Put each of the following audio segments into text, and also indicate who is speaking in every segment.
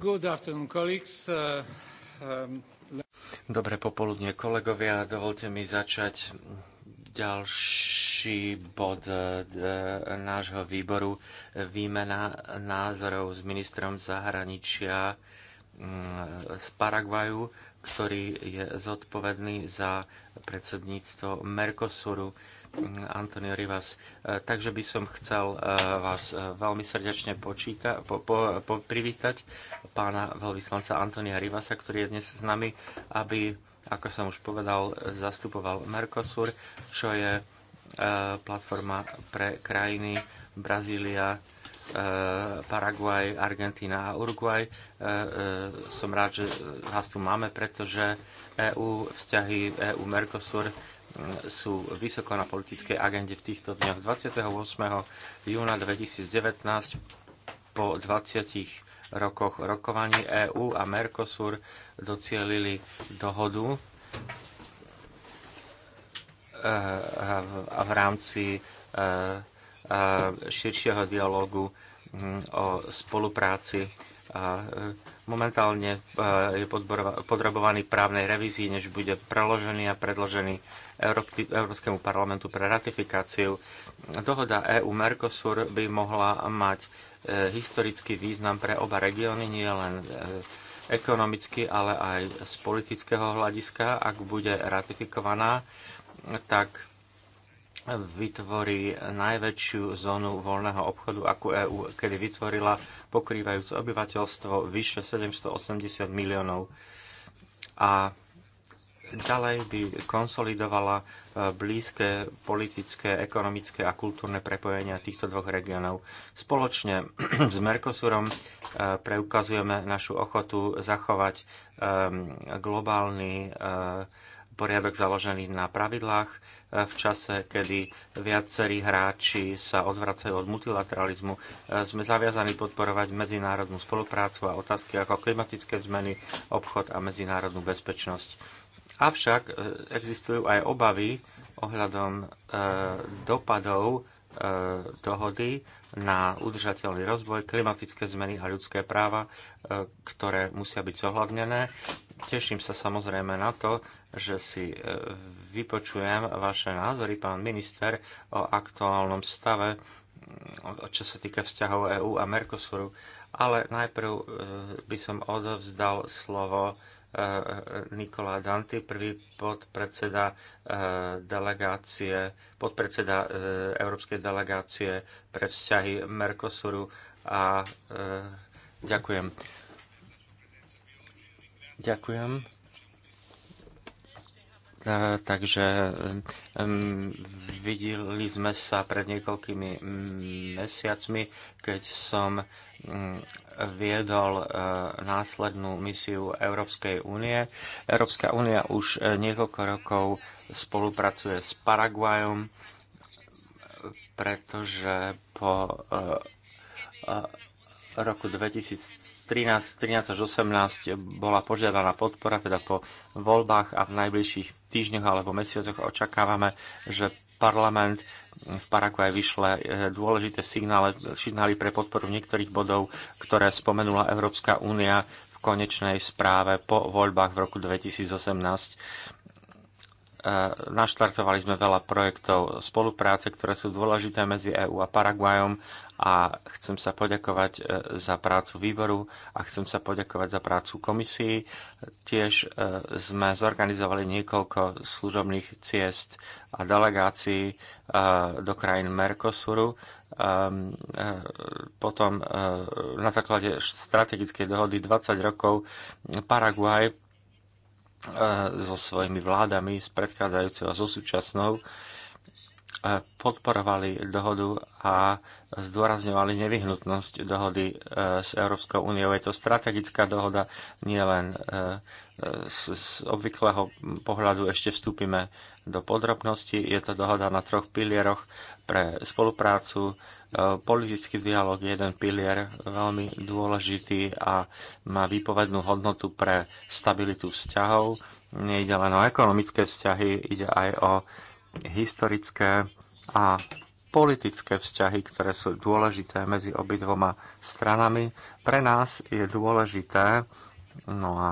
Speaker 1: Uh, um,
Speaker 2: Dobré popoludne, kolegovia. Dovolte mi začať ďalší bod uh, nášho výboru. Výmena názorov s ministrom zahraničia mm, z Paraguaju, ktorý je zodpovedný za predsedníctvo Mercosuru. Antonio Rivas. E, takže by som chcel e, vás e, veľmi srdečne počíta, po, po, po, privítať pána veľvyslanca Antonia Rivasa, ktorý je dnes s nami, aby, ako som už povedal, zastupoval Mercosur, čo je platforma pre krajiny Brazília, Paraguaj, Argentína a Uruguay. Som rád, že vás tu máme, pretože EU, vzťahy EU-Mercosur sú vysoko na politickej agende v týchto dňoch. 28. júna 2019 po 20 rokoch rokovaní EÚ a Mercosur docielili dohodu eh, v rámci eh, eh, širšieho dialogu hm, o spolupráci a e, momentálne e, je podrobovaný právnej revízii, než bude preložený a predložený Európskemu parlamentu pre ratifikáciu. Dohoda EU-Mercosur by mohla mať e, historický význam pre oba regióny, nie len ekonomicky, ale aj z politického hľadiska. Ak bude ratifikovaná, tak vytvorí najväčšiu zónu voľného obchodu, ako EÚ kedy vytvorila, pokrývajúc obyvateľstvo vyše 780 miliónov. A ďalej by konsolidovala e, blízke politické, ekonomické a kultúrne prepojenia týchto dvoch regiónov. Spoločne s Mercosurom e, preukazujeme našu ochotu zachovať e, globálny poriadok založený na pravidlách e, v čase, kedy viacerí hráči sa odvracajú od multilateralizmu. E, sme zaviazaní podporovať medzinárodnú spoluprácu a otázky ako klimatické zmeny, obchod a medzinárodnú bezpečnosť. Avšak e, existujú aj obavy ohľadom dopadov dohody na udržateľný rozvoj, klimatické zmeny a ľudské práva, ktoré musia byť zohľadnené. Teším sa samozrejme na to, že si e, vypočujem vaše názory, pán minister, o aktuálnom stave, mm, čo sa týka vzťahov EÚ a Mercosuru. Ale najprv e, by som odovzdal slovo e, Nikola Danty, prvý podpredseda delegácie, podpredseda Európskej delegácie pre vzťahy Mercosuru a ďakujem. Ďakujem. A, e, takže um, videli sme sa pred niekoľkými mm, mesiacmi, keď som um, viedol uh, následnú misiu Európskej únie. Európska únia už e, niekoľko rokov spolupracuje s Paraguajom, pretože po uh, roku 2000 13, 13 až 18 bola požiadaná podpora, teda po voľbách a v najbližších týždňoch alebo mesiacoch očakávame, že parlament v Paraguaj vyšle eh, dôležité signály, signály pre podporu niektorých bodov, ktoré spomenula Európska únia v konečnej správe po voľbách v roku 2018 eh, naštartovali sme veľa projektov spolupráce, ktoré sú dôležité medzi EÚ a Paraguajom a chcem sa poďakovať e, za prácu výboru a chcem sa poďakovať za prácu komisii. Tiež e, sme zorganizovali niekoľko služobných ciest a delegácií e, do krajín Mercosuru. Potom na základe strategickej dohody 20 rokov Paraguaj so svojimi vládami z predchádzajúceho a so súčasnou E, podporovali dohodu a zdôrazňovali nevyhnutnosť dohody e, s Európskou úniou. Je to strategická dohoda, nie len z, e, obvyklého pohľadu ešte vstúpime do podrobnosti. Je to dohoda na troch pilieroch pre spoluprácu, politický dialog je jeden pilier, veľmi dôležitý a má výpovednú hodnotu pre stabilitu vzťahov. Nejde len o ekonomické vzťahy, ide aj o historické a politické vzťahy, ktoré sú dôležité medzi obidvoma stranami. Pre nás je dôležité, no a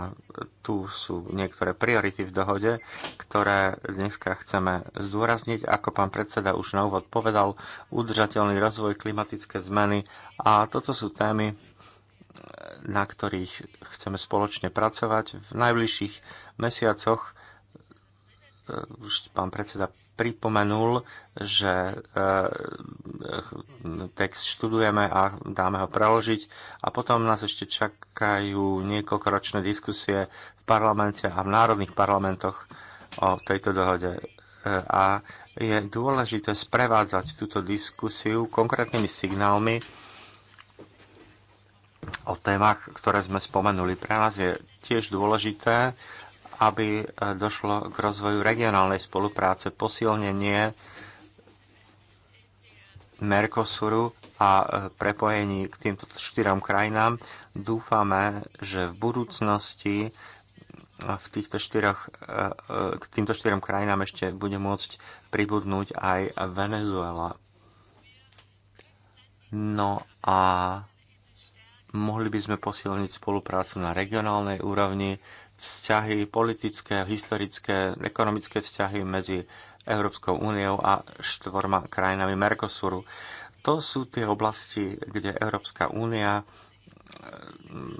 Speaker 2: tu sú niektoré priority v dohode, ktoré dneska chceme zdôrazniť. Ako pán predseda už na úvod povedal, udržateľný rozvoj, klimatické zmeny a toto sú témy, na ktorých chceme spoločne pracovať. V najbližších mesiacoch e, už pán predseda pripomenul, že e, text študujeme a dáme ho preložiť a potom nás ešte čakajú niekoľkoročné diskusie v parlamente a v národných parlamentoch o tejto dohode. E, a je dôležité sprevádzať túto diskusiu konkrétnymi signálmi o témach, ktoré sme spomenuli. Pre nás je tiež dôležité, aby e, došlo k rozvoju regionálnej spolupráce, posilnenie Mercosuru a e, prepojení k týmto štyrom krajinám. Dúfame, že v budúcnosti e, v týchto štyroch, k týmto štyrom krajinám ešte bude môcť pribudnúť aj Venezuela. No a mohli by sme posilniť spoluprácu na regionálnej úrovni vzťahy, politické, historické, ekonomické vzťahy medzi Európskou úniou a štvorma krajinami Mercosuru. To sú tie oblasti, kde Európska únia mm,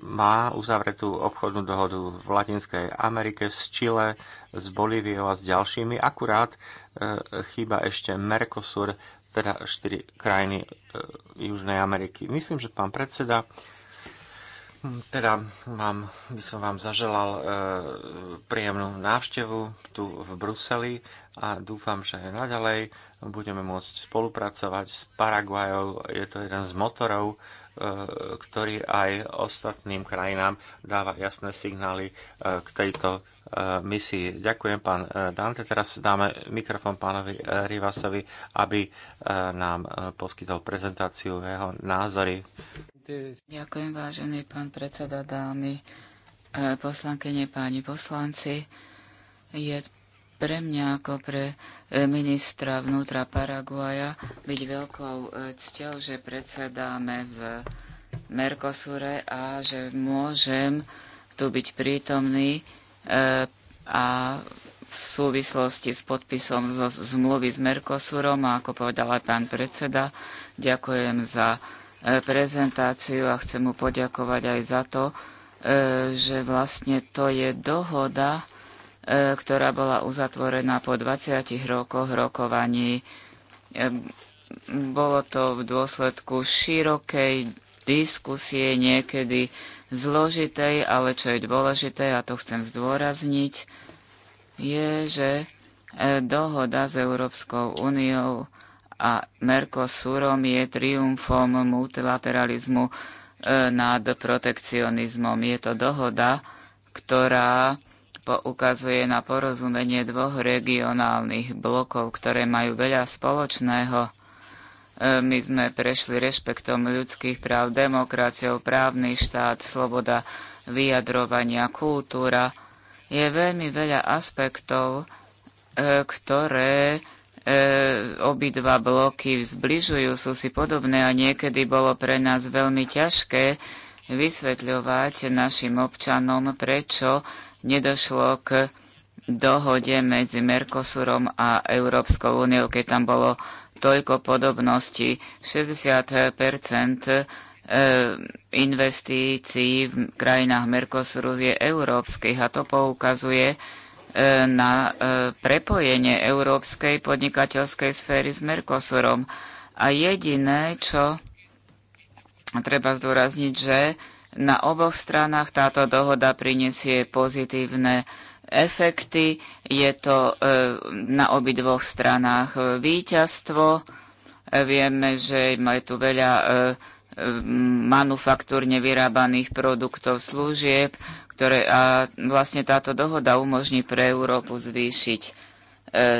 Speaker 2: má uzavretú obchodnú dohodu v Latinskej Amerike s Chile, s Bolíviou a s ďalšími. Akurát e, chýba ešte Mercosur, teda štyri krajiny e, Južnej Ameriky. Myslím, že pán predseda, teda vám, by som vám zaželal e, príjemnú návštevu tu v Bruseli a dúfam, že aj naďalej budeme môcť spolupracovať s Paraguajou. Je to jeden z motorov, e, ktorý aj ostatným krajinám dáva jasné signály e, k tejto e, misii. Ďakujem, pán e, Dante. Teraz dáme mikrofón pánovi e, Rivasovi, aby e, nám e, poskytol prezentáciu jeho názory.
Speaker 3: Ďakujem, vážený pán predseda, dámy e, poslankyne, páni poslanci. Je pre mňa ako pre e, ministra vnútra Paraguaja byť veľkou e, cťou, že predsedáme v Mercosure a že môžem tu byť prítomný a v súvislosti s podpisom zmluvy s Mercosurom a ako povedal aj pán predseda, ďakujem za E, prezentáciu a chcem mu poďakovať aj za to, e, že vlastne to je dohoda, e, ktorá bola uzatvorená po 20 rokoch rokovaní. Bolo to v dôsledku širokej diskusie, niekedy zložitej, ale čo je dôležité, a to chcem zdôrazniť, je, že dohoda s Európskou úniou a Mercosurom je triumfom multilateralizmu e, nad protekcionizmom. Je to dohoda, ktorá poukazuje na porozumenie dvoch regionálnych blokov, ktoré majú veľa spoločného. E, my sme prešli rešpektom ľudských práv, demokraciou, právny štát, sloboda vyjadrovania, kultúra. Je veľmi veľa aspektov, e, ktoré E, obidva bloky zbližujú, sú si podobné a niekedy bolo pre nás veľmi ťažké vysvetľovať našim občanom, prečo nedošlo k dohode medzi Mercosurom a Európskou úniou, keď tam bolo toľko podobností. 60 e, investícií v krajinách Mercosuru je európskych a to poukazuje, E, na e, prepojenie európskej podnikateľskej sféry s Mercosurom. A jediné, čo treba zdôrazniť, že na oboch stranách táto dohoda prinesie pozitívne efekty. Je to e, na obidvoch stranách víťazstvo. Vieme, že je tu veľa manufaktúrne vyrábaných produktov, služieb, ktoré a vlastne táto dohoda umožní pre Európu zvýšiť e,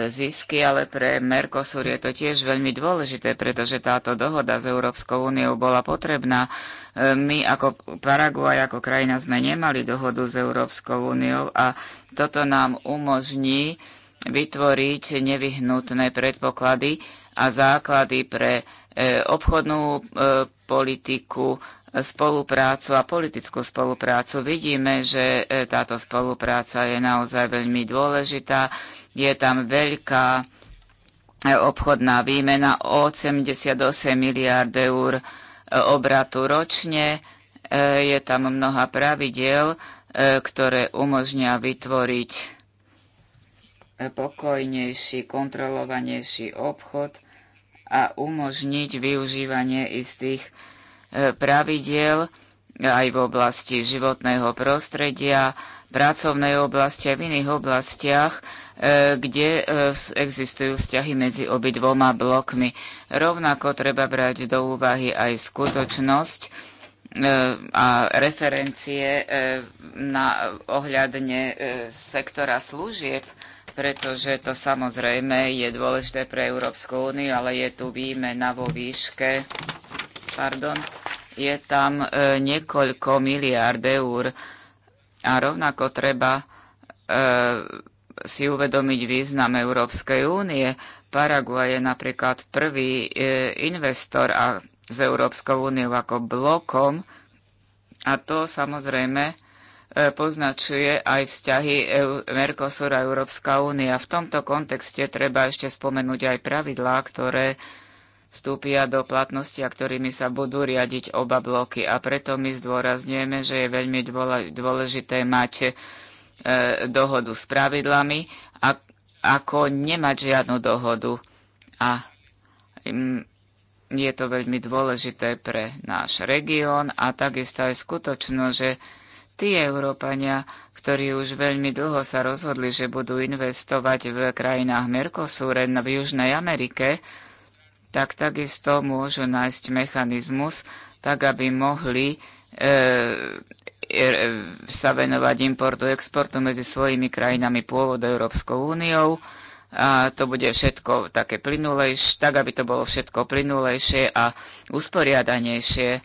Speaker 3: zisky, ale pre Mercosur je to tiež veľmi dôležité, pretože táto dohoda s Európskou úniou bola potrebná. E, my ako Paraguaj, ako krajina sme nemali dohodu s Európskou úniou a toto nám umožní vytvoriť nevyhnutné predpoklady a základy pre e, obchodnú politiku, spoluprácu a politickú spoluprácu. Vidíme, že e, táto spolupráca je naozaj veľmi dôležitá. Je tam veľká e, obchodná výmena 88 miliard eur e, obratu ročne. Je tam mnoha pravidiel, ktoré umožnia vytvoriť pokojnejší, kontrolovanejší obchod a umožniť využívanie istých pravidiel aj v oblasti životného prostredia, pracovnej oblasti a v iných oblastiach, e, kde e, existujú vzťahy medzi obidvoma blokmi. Rovnako treba brať do úvahy aj skutočnosť e, a referencie na ohľadne sektora služieb, pretože to samozrejme je dôležité pre Európsku úniu, ale je tu výmena vo výške pardon, je tam e, niekoľko miliárd eur. A rovnako treba e, si uvedomiť význam Európskej únie. Paraguay je napríklad prvý e, investor a z Európskou úniou ako blokom a to samozrejme poznačuje aj vzťahy Mercosur a Európska únia. V tomto kontexte treba ešte spomenúť aj pravidlá, ktoré vstúpia do platnosti a ktorými sa budú riadiť oba bloky. A preto my zdôrazňujeme, že je veľmi dôležité mať e, dohodu s pravidlami, a, ako nemať žiadnu dohodu. A je to veľmi dôležité pre náš región a takisto aj skutočno, že tí Európania, ktorí už veľmi dlho sa rozhodli, že budú investovať v krajinách Mercosur no v Južnej Amerike, tak takisto môžu nájsť mechanizmus, tak aby mohli e, e, sa venovať importu, exportu medzi svojimi krajinami pôvodu Európskou úniou a to bude všetko také plynulejšie, tak aby to bolo všetko plynulejšie a usporiadanejšie. E,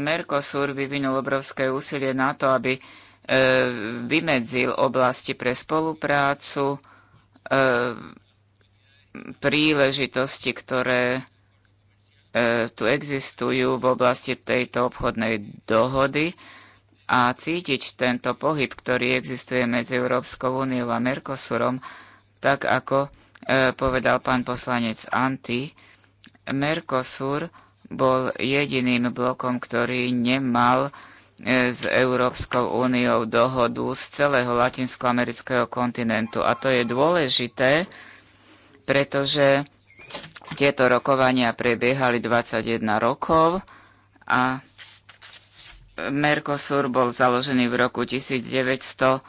Speaker 3: Mercosur vyvinul obrovské úsilie na to, aby e, vymedzil oblasti pre spoluprácu, e, príležitosti, ktoré e, tu existujú v oblasti tejto obchodnej dohody a cítiť tento pohyb, ktorý existuje medzi Európskou úniou a Mercosurom, tak ako e, povedal pán poslanec Anti, Mercosur bol jediným blokom, ktorý nemal e, s Európskou úniou dohodu z celého latinskoamerického kontinentu. A to je dôležité, pretože tieto rokovania prebiehali 21 rokov a Mercosur bol založený v roku 1991.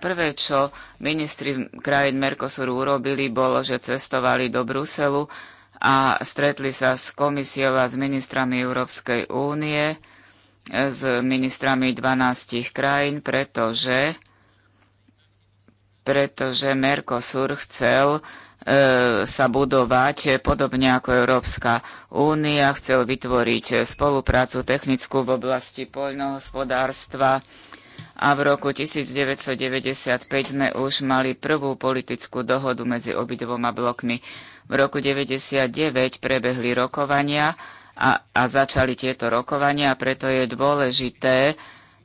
Speaker 3: Prvé, čo ministri krajín Mercosuru urobili, bolo, že cestovali do Bruselu a stretli sa s komisiou a s ministrami Európskej únie, s ministrami 12 krajín, pretože pretože Mercosur chcel e, sa budovať, podobne ako Európska únia, chcel vytvoriť spoluprácu technickú v oblasti poľnohospodárstva a v roku 1995 sme už mali prvú politickú dohodu medzi obidvoma blokmi. V roku 1999 prebehli rokovania a, a začali tieto rokovania, preto je dôležité,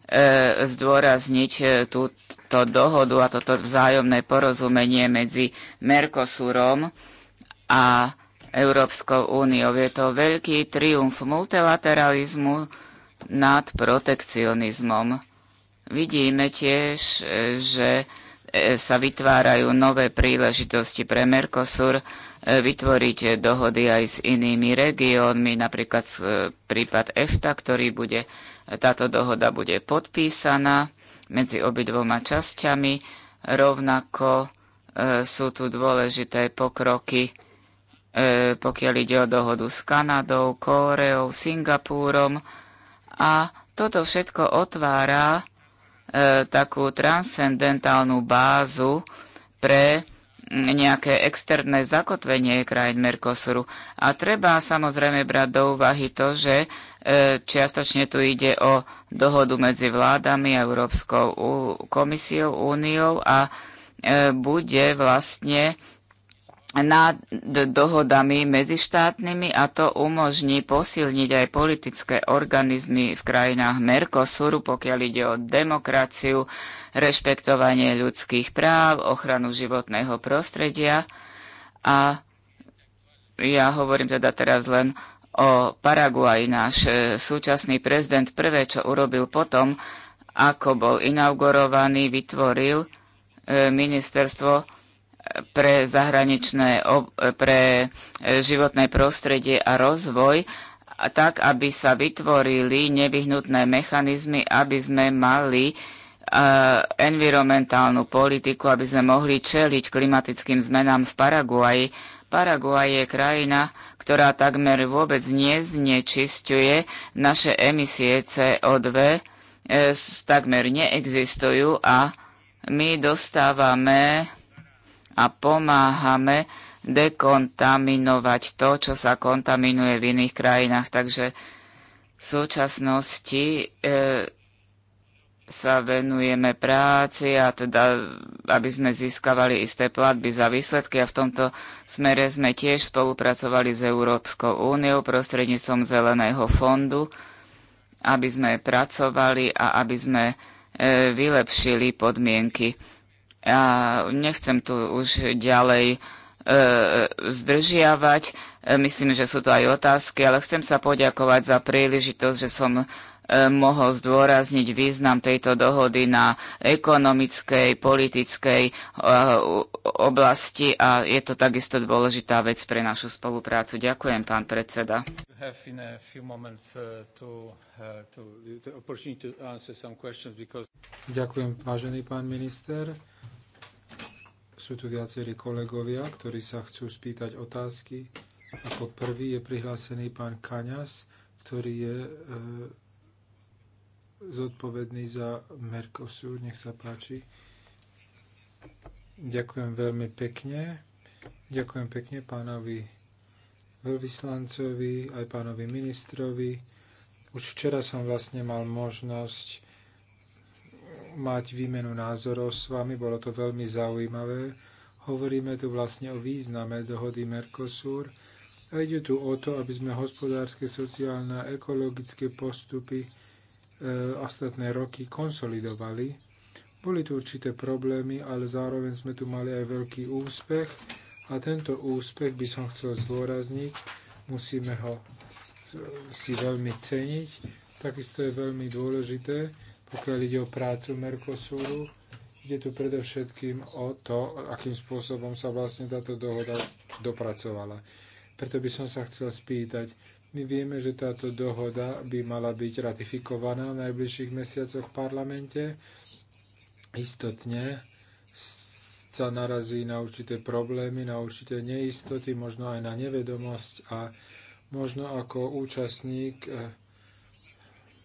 Speaker 3: E, zdôrazniť e, túto dohodu a toto vzájomné porozumenie medzi Mercosurom a Európskou úniou. Je to veľký triumf multilateralizmu nad protekcionizmom. Vidíme tiež, e, že sa vytvárajú nové príležitosti pre Mercosur vytvoriť dohody aj s inými regiónmi, napríklad prípad EFTA, ktorý bude táto dohoda bude podpísaná medzi obidvoma časťami. Rovnako e, sú tu dôležité pokroky, e, pokiaľ ide o dohodu s Kanadou, Kóreou, Singapúrom. A toto všetko otvára e, takú transcendentálnu bázu pre nejaké externé zakotvenie krajín Mercosuru. A treba samozrejme brať do úvahy to, že e, čiastočne tu ide o dohodu medzi vládami, Európskou komisiou, úniou a e, bude vlastne nad dohodami medzištátnymi a to umožní posilniť aj politické organizmy v krajinách Mercosuru, pokiaľ ide o demokraciu, rešpektovanie ľudských práv, ochranu životného prostredia. A ja hovorím teda teraz len o Paraguaji. Náš e, súčasný prezident prvé, čo urobil potom, ako bol inaugurovaný, vytvoril e, ministerstvo pre zahraničné, pre e, životné prostredie a rozvoj, tak aby sa vytvorili nevyhnutné mechanizmy, aby sme mali e, environmentálnu politiku, aby sme mohli čeliť klimatickým zmenám v Paraguaji. Paraguaj je krajina, ktorá takmer vôbec neznečisťuje naše emisie CO2, e, takmer neexistujú a my dostávame a pomáhame dekontaminovať to, čo sa kontaminuje v iných krajinách. Takže v súčasnosti e, sa venujeme práci a teda, aby sme získavali isté platby za výsledky a v tomto smere sme tiež spolupracovali s Európskou úniou prostredníctvom Zeleného fondu, aby sme pracovali a aby sme e, vylepšili podmienky ja nechcem tu už ďalej e, zdržiavať. E, myslím, že sú to aj otázky, ale chcem sa poďakovať za príležitosť, že som e, mohol zdôrazniť význam tejto dohody na ekonomickej, politickej e, oblasti a je to takisto dôležitá vec pre našu spoluprácu. Ďakujem, pán predseda.
Speaker 1: Uh, uh, Ďakujem, vážený pán minister. Sú tu viacerí kolegovia, ktorí sa chcú spýtať otázky. Ako prvý je prihlásený pán Kaňas, ktorý je e, zodpovedný za Mercosur. Nech sa páči. Ďakujem veľmi pekne. Ďakujem pekne pánovi veľvyslancovi, aj pánovi ministrovi. Už včera som vlastne mal možnosť mať výmenu názorov s vami, bolo to veľmi zaujímavé. Hovoríme tu vlastne o význame dohody Mercosur a ide tu o to, aby sme hospodárske, sociálne a ekologické postupy e, ostatné roky konsolidovali. Boli tu určité problémy, ale zároveň sme tu mali aj veľký úspech a tento úspech by som chcel zdôrazniť, musíme ho si veľmi ceniť. Takisto je veľmi dôležité, pokiaľ ide o prácu Mercosuru. Ide tu predovšetkým o to, akým spôsobom sa vlastne táto dohoda dopracovala. Preto by som sa chcel spýtať, my vieme, že táto dohoda by mala byť ratifikovaná v najbližších mesiacoch v parlamente. Istotne sa narazí na určité problémy, na určité neistoty, možno aj na nevedomosť a možno ako účastník eh,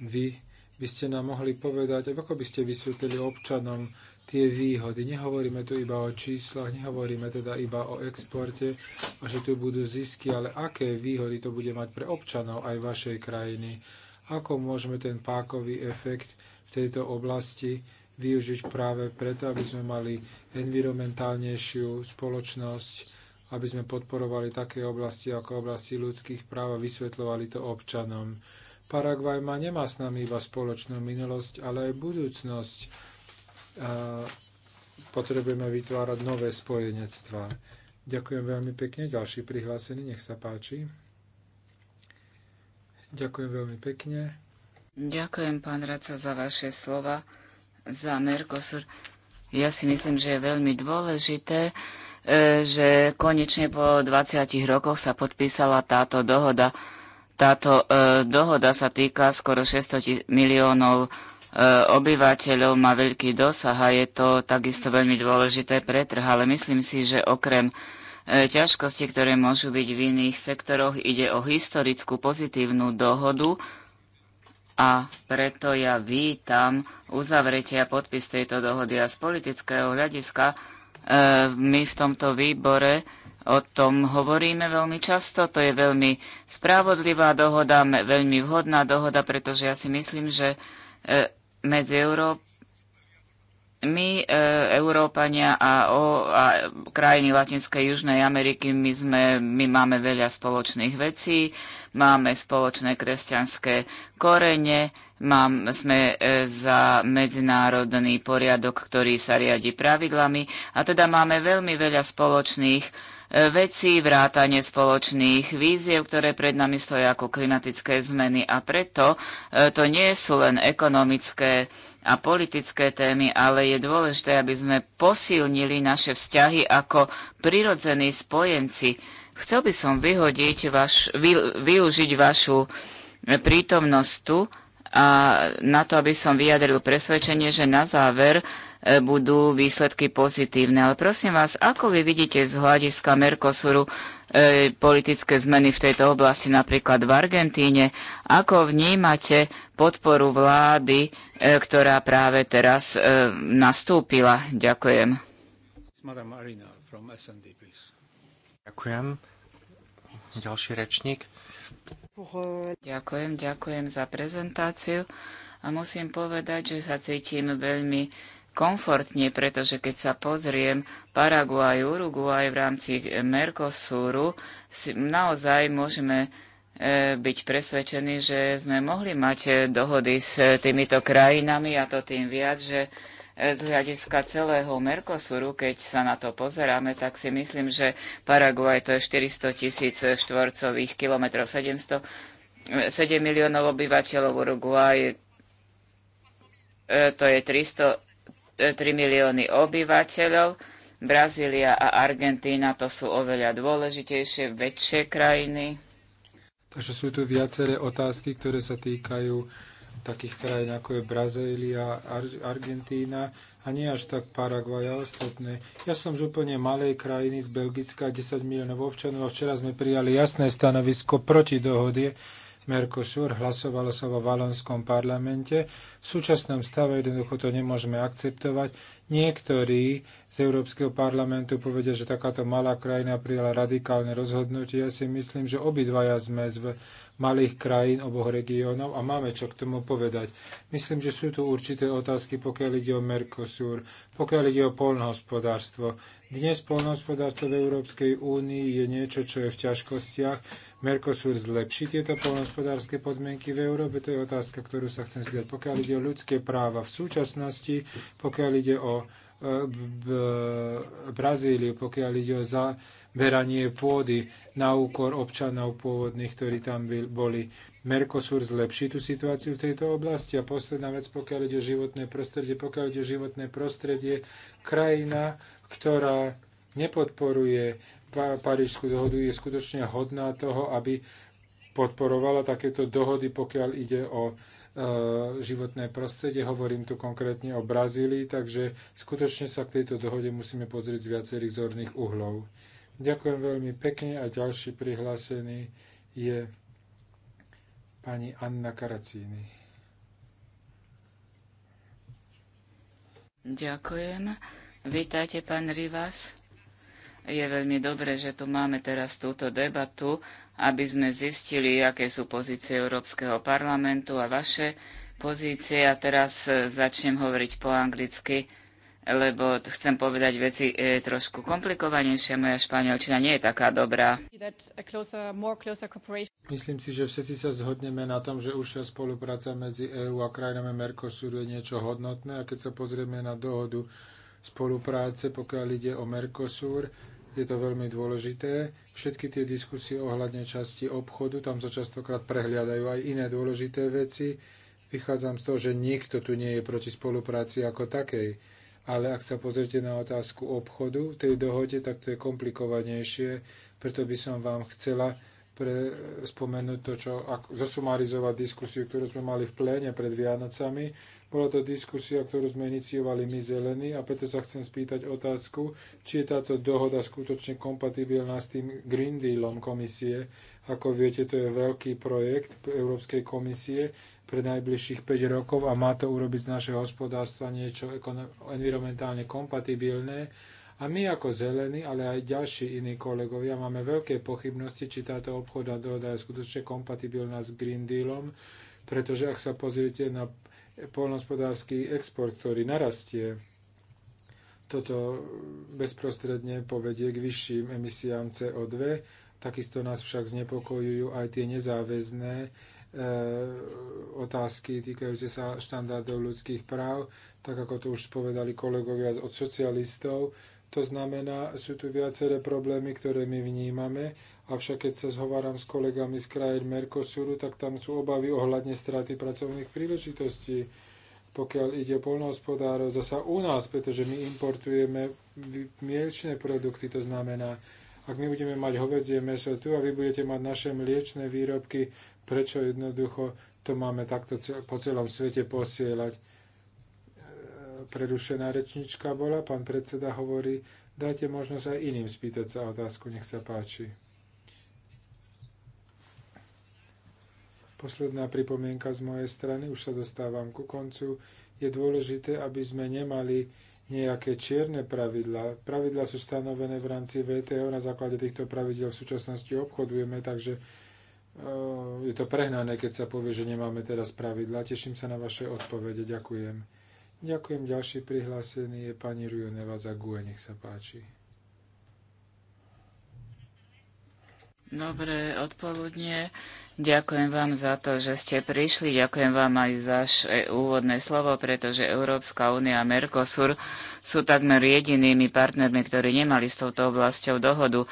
Speaker 1: vy by ste nám mohli povedať, ako by ste vysvetlili občanom tie výhody. Nehovoríme tu iba o číslach, nehovoríme teda iba o exporte a že tu budú zisky, ale aké výhody to bude mať pre občanov aj vašej krajiny. Ako môžeme ten pákový efekt v tejto oblasti využiť práve preto, aby sme mali environmentálnejšiu spoločnosť, aby sme podporovali také oblasti ako oblasti ľudských práv a vysvetľovali to občanom Paraguaj má nemá s nami iba spoločnú minulosť, ale aj budúcnosť. Potrebujeme vytvárať nové spojenectvá. Ďakujem veľmi pekne. Ďalší prihlásený, nech sa páči. Ďakujem veľmi pekne.
Speaker 3: Ďakujem, pán Raco, za vaše slova, za Mercosur. Ja si myslím, že je veľmi dôležité, e, že konečne po 20 rokoch sa podpísala táto dohoda. Táto e, dohoda sa týka skoro 600 miliónov e, obyvateľov, má veľký dosah a je to takisto veľmi dôležité pre trh, ale myslím si, že okrem e, ťažkosti, ktoré môžu byť v iných sektoroch, ide o historickú pozitívnu dohodu a preto ja vítam uzavretie a podpis tejto dohody a z politického hľadiska e, my v tomto výbore O tom hovoríme veľmi často, to je veľmi spravodlivá dohoda, veľmi vhodná dohoda, pretože ja si myslím, že e, medzi Európou my, e, Európania a, o, a krajiny Latinskej Južnej Ameriky, my, sme, my máme veľa spoločných vecí, máme spoločné kresťanské korene, mám, sme e, za medzinárodný poriadok, ktorý sa riadi pravidlami a teda máme veľmi veľa spoločných veci, vrátanie spoločných víziev, ktoré pred nami stojí ako klimatické zmeny. A preto e, to nie sú len ekonomické a politické témy, ale je dôležité, aby sme posilnili naše vzťahy ako prirodzení spojenci. Chcel by som vyhodiť vaš, vy, využiť vašu prítomnosť tu a na to, aby som vyjadril presvedčenie, že na záver E, budú výsledky pozitívne. Ale prosím vás, ako vy vidíte z hľadiska Mercosuru e, politické zmeny v tejto oblasti, napríklad v Argentíne, ako vnímate podporu vlády, e, ktorá práve teraz e, nastúpila? Ďakujem. Ďakujem.
Speaker 2: Ďalší rečník.
Speaker 3: Ďakujem, ďakujem za prezentáciu a musím povedať, že sa cítim veľmi komfortne, pretože keď sa pozriem Paraguaj, Uruguaj v rámci Mercosuru, naozaj môžeme e, byť presvedčení, že sme mohli mať e, dohody s týmito krajinami a to tým viac, že e, z hľadiska celého Mercosuru, keď sa na to pozeráme, tak si myslím, že Paraguaj to je 400 tisíc štvorcových kilometrov, 700, 7 miliónov obyvateľov, Uruguaj to je 300 3 milióny obyvateľov. Brazília a Argentína to sú oveľa dôležitejšie, väčšie krajiny.
Speaker 1: Takže sú tu viaceré otázky, ktoré sa týkajú takých krajín ako je Brazília, Ar- Argentína a nie až tak Paraguay. a ostatné. Ja som z úplne malej krajiny z Belgicka, 10 miliónov občanov a včera sme prijali jasné stanovisko proti dohode Mercosur, hlasovalo sa vo Valonskom parlamente. V súčasnom stave jednoducho to nemôžeme akceptovať. Niektorí z Európskeho parlamentu povedia, že takáto malá krajina prijala radikálne rozhodnutie. Ja si myslím, že obidvaja sme z malých krajín oboch regiónov a máme čo k tomu povedať. Myslím, že sú tu určité otázky, pokiaľ ide o Mercosur, pokiaľ ide o polnohospodárstvo. Dnes polnohospodárstvo v Európskej únii je niečo, čo je v ťažkostiach Mercosur zlepší tieto poľnohospodárske podmienky v Európe? To je otázka, ktorú sa chcem spýtať. Pokiaľ ide o ľudské práva v súčasnosti, pokiaľ ide o e, e, Brazíliu, pokiaľ ide o zaberanie pôdy na úkor občanov pôvodných, ktorí tam boli. Mercosur zlepší tú situáciu v tejto oblasti. A posledná vec, pokiaľ ide o životné prostredie, pokiaľ ide o životné prostredie, krajina, ktorá nepodporuje Parížskú dohodu je skutočne hodná toho, aby podporovala takéto dohody, pokiaľ ide o e, životné prostredie. Hovorím tu konkrétne o Brazílii, takže skutočne sa k tejto dohode musíme pozrieť z viacerých zorných uhlov. Ďakujem veľmi pekne a ďalší prihlásený je pani Anna Karacíny.
Speaker 3: Ďakujem. Vítajte, pán Rivas je veľmi dobré, že tu máme teraz túto debatu, aby sme zistili, aké sú pozície Európskeho parlamentu a vaše pozície. A teraz e, začnem hovoriť po anglicky, lebo chcem povedať veci e, trošku komplikovanejšie. Moja španielčina nie je taká dobrá.
Speaker 1: Myslím si, že všetci sa zhodneme na tom, že užšia spolupráca medzi EÚ a krajinami Mercosuru je niečo hodnotné. A keď sa pozrieme na dohodu spolupráce, pokiaľ ide o Mercosur. Je to veľmi dôležité. Všetky tie diskusie ohľadne časti obchodu, tam sa častokrát prehliadajú aj iné dôležité veci. Vychádzam z toho, že nikto tu nie je proti spolupráci ako takej. Ale ak sa pozrite na otázku obchodu v tej dohode, tak to je komplikovanejšie. Preto by som vám chcela pre, spomenúť to, čo ak, zosumarizovať diskusiu, ktorú sme mali v pléne pred Vianocami bola to diskusia, ktorú sme iniciovali my zelení a preto sa chcem spýtať otázku, či je táto dohoda skutočne kompatibilná s tým Green Dealom komisie. Ako viete, to je veľký projekt Európskej komisie pre najbližších 5 rokov a má to urobiť z našeho hospodárstva niečo environmentálne kompatibilné. A my ako zelení, ale aj ďalší iní kolegovia máme veľké pochybnosti, či táto obchodná dohoda je skutočne kompatibilná s Green Dealom, pretože ak sa pozriete na polnospodársky export, ktorý narastie. Toto bezprostredne povedie k vyšším emisiám CO2, takisto nás však znepokojujú aj tie nezáväzné e, otázky týkajúce sa štandardov ľudských práv, tak ako to už povedali kolegovia od socialistov. To znamená, sú tu viaceré problémy, ktoré my vnímame Avšak keď sa zhováram s kolegami z krajín Mercosuru, tak tam sú obavy ohľadne straty pracovných príležitostí, pokiaľ ide o polnohospodárov, zasa u nás, pretože my importujeme mliečne produkty, to znamená, ak my budeme mať hovedzie meso tu a vy budete mať naše mliečne výrobky, prečo jednoducho to máme takto po celom svete posielať. E, prerušená rečnička bola, pán predseda hovorí, dajte možnosť aj iným spýtať sa otázku, nech sa páči. Posledná pripomienka z mojej strany, už sa dostávam ku koncu, je dôležité, aby sme nemali nejaké čierne pravidlá. Pravidlá sú stanovené v rámci VTO, na základe týchto pravidel v súčasnosti obchodujeme, takže eh, je to prehnané, keď sa povie, že nemáme teraz pravidla. Teším sa na vaše odpovede. Ďakujem. Ďakujem. Ďalší prihlásený je pani Rujuneva za GUE. Nech sa páči.
Speaker 3: Dobré odpoludne. Ďakujem vám za to, že ste prišli. Ďakujem vám aj za e, úvodné slovo, pretože Európska únia a Mercosur sú takmer jedinými partnermi, ktorí nemali s touto oblasťou dohodu.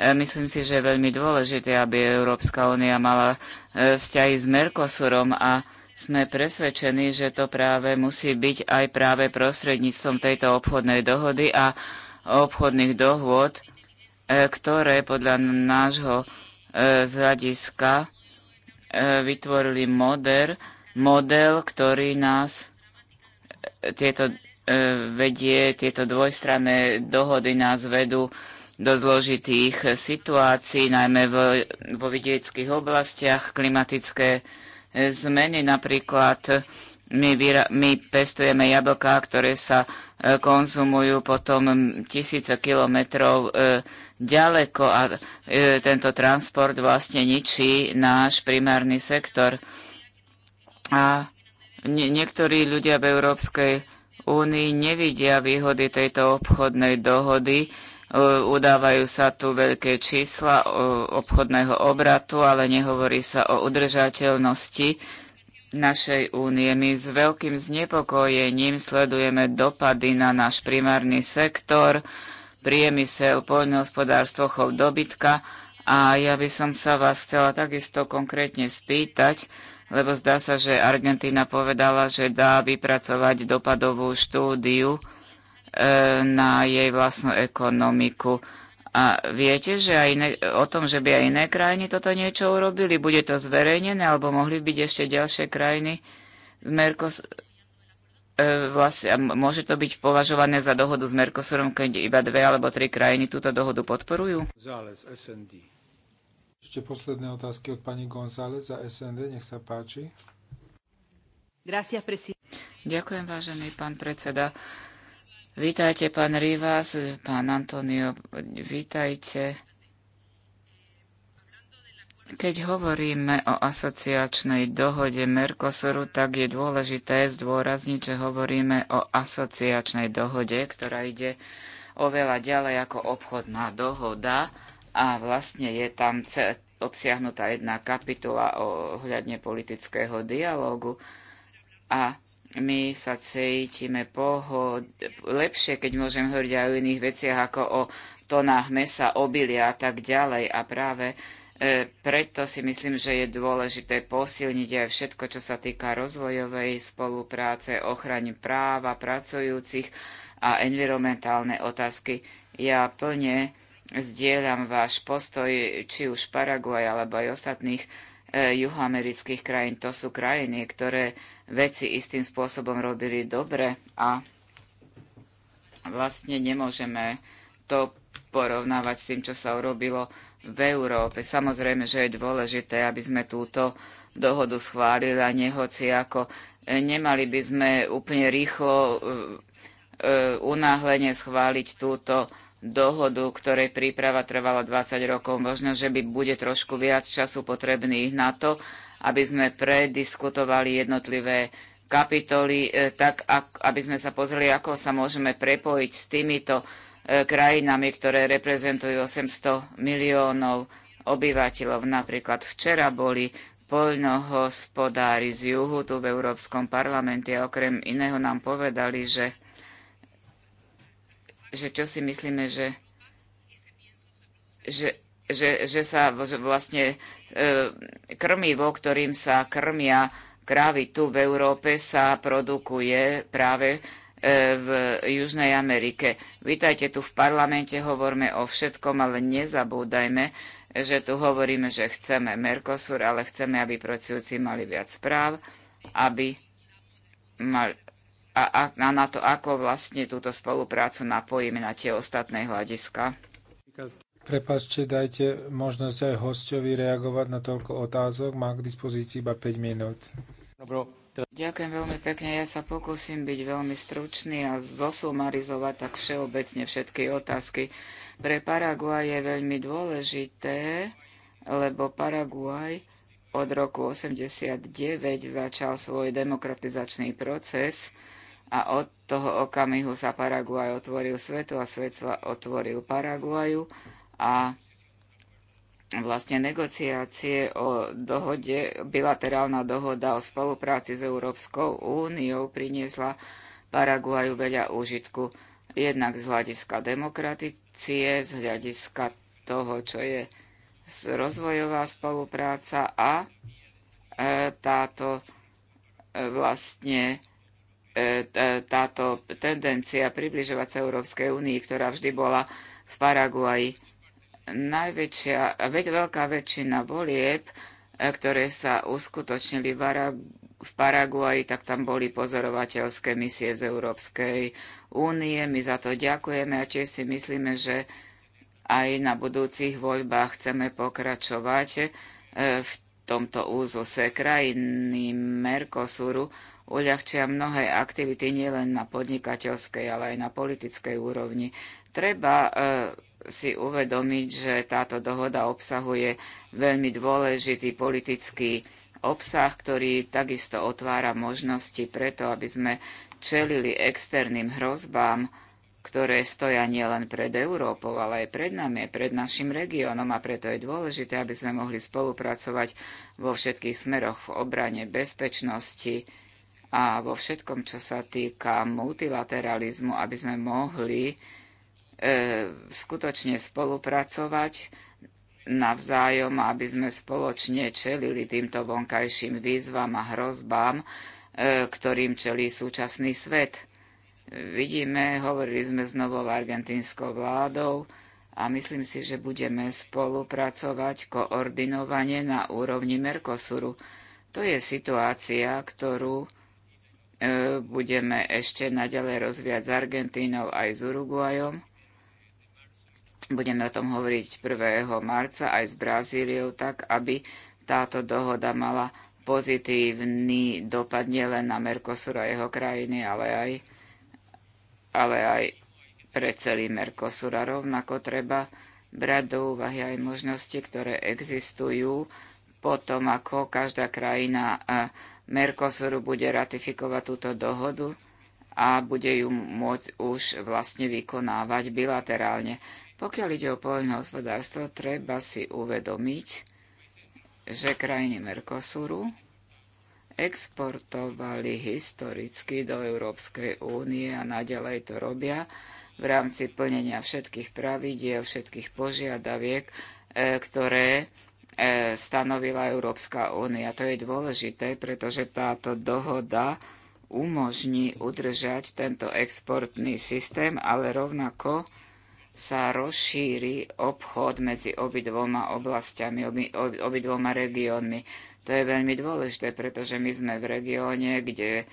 Speaker 3: E, myslím si, že je veľmi dôležité, aby Európska únia mala e, vzťahy s Mercosurom a sme presvedčení, že to práve musí byť aj práve prostredníctvom tejto obchodnej dohody a obchodných dohôd, E, ktoré podľa nášho e, z hľadiska e, vytvorili model, model, ktorý nás tieto vedie, tieto dvojstranné dohody nás vedú do zložitých situácií, najmä vo, vo vidieckých oblastiach, klimatické zmeny napríklad my, my pestujeme jablká, ktoré sa e, konzumujú potom tisíce kilometrov e, ďaleko a e, tento transport vlastne ničí náš primárny sektor. A niektorí ľudia v Európskej únii nevidia výhody tejto obchodnej dohody. Udávajú sa tu veľké čísla obchodného obratu, ale nehovorí sa o udržateľnosti našej únie. My s veľkým znepokojením sledujeme dopady na náš primárny sektor, priemysel, poľnohospodárstvo, chov dobytka a ja by som sa vás chcela takisto konkrétne spýtať, lebo zdá sa, že Argentína povedala, že dá vypracovať dopadovú štúdiu e, na jej vlastnú ekonomiku. A viete, že aj ne, o tom, že by aj iné krajiny toto niečo urobili, bude to zverejnené, alebo mohli byť ešte ďalšie krajiny z E, vlastne, môže to byť považované za dohodu s Mercosurom, keď iba dve alebo tri krajiny túto dohodu podporujú? Zález, SND.
Speaker 1: Ešte posledné otázky od pani González za SND, nech sa páči.
Speaker 3: Gracias, Ďakujem, vážený pán predseda. Vítajte, pán Rivas, pán Antonio, vítajte. Keď hovoríme o asociačnej dohode Mercosuru, tak je dôležité zdôrazniť, že hovoríme o asociačnej dohode, ktorá ide oveľa ďalej ako obchodná dohoda a vlastne je tam obsiahnutá jedna kapitola ohľadne politického dialógu a my sa cítime pohod, lepšie, keď môžem hovoriť aj o iných veciach ako o tonách mesa, obilia a tak ďalej. A práve e, preto si myslím, že je dôležité posilniť aj všetko, čo sa týka rozvojovej spolupráce, ochrany práva pracujúcich a environmentálne otázky. Ja plne zdieľam váš postoj, či už Paraguaj alebo aj ostatných E, juhoamerických krajín. To sú krajiny, ktoré veci istým spôsobom robili dobre a vlastne nemôžeme to porovnávať s tým, čo sa urobilo v Európe. Samozrejme, že je dôležité, aby sme túto dohodu schválili a nehoci ako e, nemali by sme úplne rýchlo e, unáhlene schváliť túto dohodu, ktorej príprava trvala 20 rokov. Možno, že by bude trošku viac času potrebných na to, aby sme prediskutovali jednotlivé kapitoly, e, tak aby sme sa pozreli, ako sa môžeme prepojiť s týmito e, krajinami, ktoré reprezentujú 800 miliónov obyvateľov. Napríklad včera boli poľnohospodári z juhu tu v Európskom parlamente a okrem iného nám povedali, že že čo si myslíme, že, že, že, že sa že vlastne e, krmivo, ktorým sa krmia krávy tu v Európe, sa produkuje práve e, v Južnej Amerike. Vítajte tu v parlamente, hovorme o všetkom, ale nezabúdajme, že tu hovoríme, že chceme Mercosur, ale chceme, aby pracujúci mali viac práv, aby mali a, a na to, ako vlastne túto spoluprácu napojíme na tie ostatné hľadiska.
Speaker 1: Prepačte, dajte možnosť aj hostovi reagovať na toľko otázok. Má k dispozícii iba 5 minút.
Speaker 3: Teda- Ďakujem veľmi pekne. Ja sa pokúsim byť veľmi stručný a zosumarizovať tak všeobecne všetky otázky. Pre Paraguaj je veľmi dôležité, lebo Paraguaj od roku 89 začal svoj demokratizačný proces a od toho okamihu sa Paraguaj otvoril svetu a svet sa otvoril Paraguaju a vlastne negociácie o dohode, bilaterálna dohoda o spolupráci s Európskou úniou priniesla Paraguaju veľa úžitku. Jednak z hľadiska demokraticie, z hľadiska toho, čo je rozvojová spolupráca a e, táto e, vlastne E, táto tendencia približovať sa Európskej únii, ktorá vždy bola v Paraguaji. Najväčšia, veľká väčšina volieb, e, ktoré sa uskutočnili v Paraguaji, tak tam boli pozorovateľské misie z Európskej únie. My za to ďakujeme a tiež si myslíme, že aj na budúcich voľbách chceme pokračovať e, v tomto úzose krajiny Mercosuru uľahčia mnohé aktivity nielen na podnikateľskej, ale aj na politickej úrovni. Treba e, si uvedomiť, že táto dohoda obsahuje veľmi dôležitý politický obsah, ktorý takisto otvára možnosti preto, aby sme čelili externým hrozbám, ktoré stoja nielen pred Európou, ale aj pred nami, pred našim regiónom a preto je dôležité, aby sme mohli spolupracovať vo všetkých smeroch v obrane bezpečnosti, a vo všetkom, čo sa týka multilateralizmu, aby sme mohli e, skutočne spolupracovať navzájom, aby sme spoločne čelili týmto vonkajším výzvam a hrozbám, e, ktorým čelí súčasný svet. Vidíme, hovorili sme s novou argentínskou vládou, a myslím si, že budeme spolupracovať koordinovane na úrovni Mercosuru. To je situácia, ktorú E, budeme ešte naďalej rozvíjať s Argentínou aj s Uruguajom. Budeme o tom hovoriť 1. marca aj s Brazíliou, tak aby táto dohoda mala pozitívny dopad nielen na Mercosur a jeho krajiny, ale aj, ale aj pre celý Mercosur. A rovnako treba brať do úvahy aj možnosti, ktoré existujú potom, ako každá krajina e, Mercosuru bude ratifikovať túto dohodu a bude ju môcť už vlastne vykonávať bilaterálne. Pokiaľ ide o poľnohospodárstvo, treba si uvedomiť, že krajiny Mercosuru exportovali historicky do Európskej únie a naďalej to robia v rámci plnenia všetkých pravidiel, všetkých požiadaviek, e, ktoré E, stanovila Európska únia. To je dôležité, pretože táto dohoda umožní udržať tento exportný systém, ale rovnako sa rozšíri obchod medzi obidvoma oblastiami, obi, obidvoma regiónmi. To je veľmi dôležité, pretože my sme v regióne, kde e,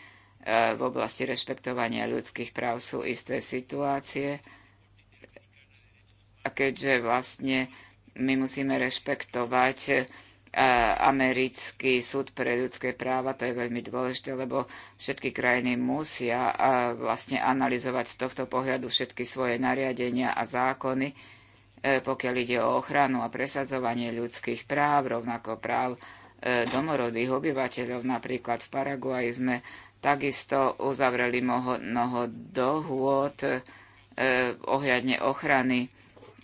Speaker 3: v oblasti rešpektovania ľudských práv sú isté situácie. A keďže vlastne my musíme rešpektovať e, americký súd pre ľudské práva, to je veľmi dôležité, lebo všetky krajiny musia e, vlastne analyzovať z tohto pohľadu všetky svoje nariadenia a zákony, e, pokiaľ ide o ochranu a presadzovanie ľudských práv, rovnako práv domorodých obyvateľov. Napríklad v Paraguaji sme takisto uzavreli mnoho dohôd ohľadne ochrany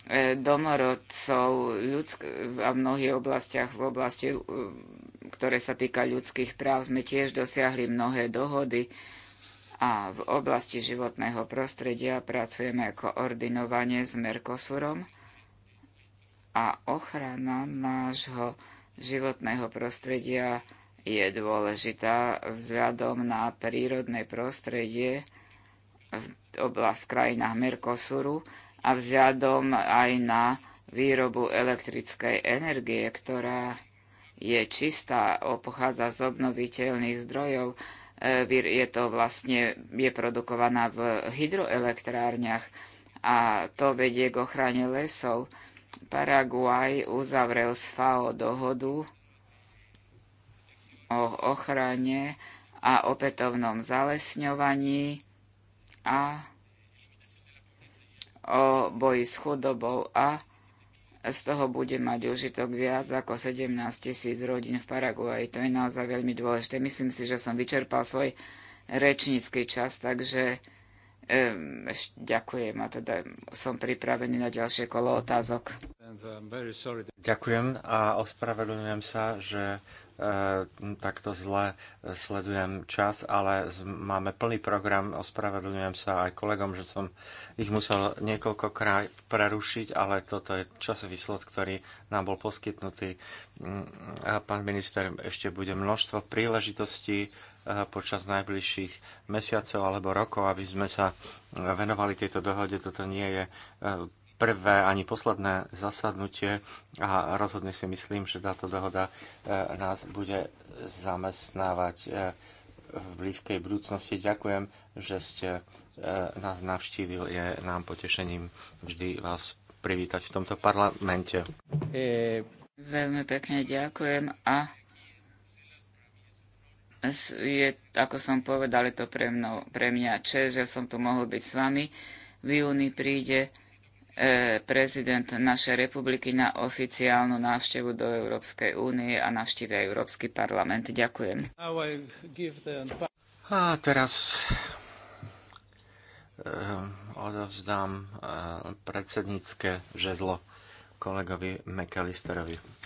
Speaker 3: E, domorodcov ľudsk- a v mnohých oblastiach, v oblasti, e, ktoré sa týka ľudských práv, sme tiež dosiahli mnohé dohody a v oblasti životného prostredia pracujeme ordinovanie s Merkosurom a ochrana nášho životného prostredia je dôležitá vzhľadom na prírodné prostredie v, obla, v krajinách Merkosuru a vzhľadom aj na výrobu elektrickej energie, ktorá je čistá, pochádza z obnoviteľných zdrojov, e, je to vlastne je produkovaná v hydroelektrárniach a to vedie k ochrane lesov. Paraguaj uzavrel s FAO dohodu o ochrane a opätovnom zalesňovaní a o boji s chudobou a z toho bude mať užitok viac ako 17 tisíc rodín v Paraguaji. To je naozaj veľmi dôležité. Myslím si, že som vyčerpal svoj rečnícky čas, takže um, ďakujem a teda som pripravený na ďalšie kolo otázok.
Speaker 2: Ďakujem a ospravedlňujem sa, že Ehm, takto zle e, sledujem čas, ale máme plný program, ospravedlňujem sa aj kolegom, že som ich musel niekoľkokrát prerušiť, ale toto je časový slot, ktorý nám bol poskytnutý. Mm, a pán minister, ešte bude množstvo príležitostí e, počas najbližších mesiacov alebo rokov, aby sme sa venovali tejto dohode. Toto nie je e, prvé ani posledné zasadnutie a rozhodne si myslím, že táto dohoda e, nás bude zamestnávať e, v blízkej budúcnosti. Ďakujem, že ste e, nás navštívil. Je nám potešením vždy vás privítať v tomto parlamente.
Speaker 3: Veľmi pekne ďakujem a je, ako som povedal, je to pre, mno pre mňa čest, že som tu mohol byť s vami. V júni príde E, prezident našej republiky na oficiálnu návštevu do Európskej únie a navštívi Európsky parlament. Ďakujem. A teraz
Speaker 2: e, odovzdám e, predsednícke žezlo kolegovi McAllisterovi.